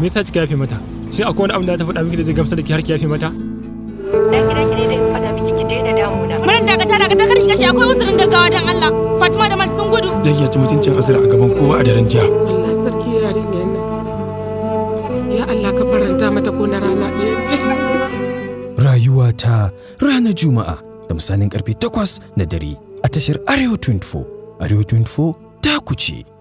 me yasa kika yafe mata shin akwai wani abu da ta faɗa miki da zai gamsar da ki har ki yafe mata dan gidan ki da faɗa miki ki daina damuna murin dakata dakata karin gashi akwai uzurin gaggawa dan Allah Fatima da Mat sun gudu dan ya ci mutuncin Azra a gaban kowa a daren jiya Allah sarki ya nan ya Allah ka faranta mata ko na rana ɗaya rayuwa ta ranar juma'a da misalin karfe 8 na dare a tashar Arewa 24 Arewa 24 ta kuce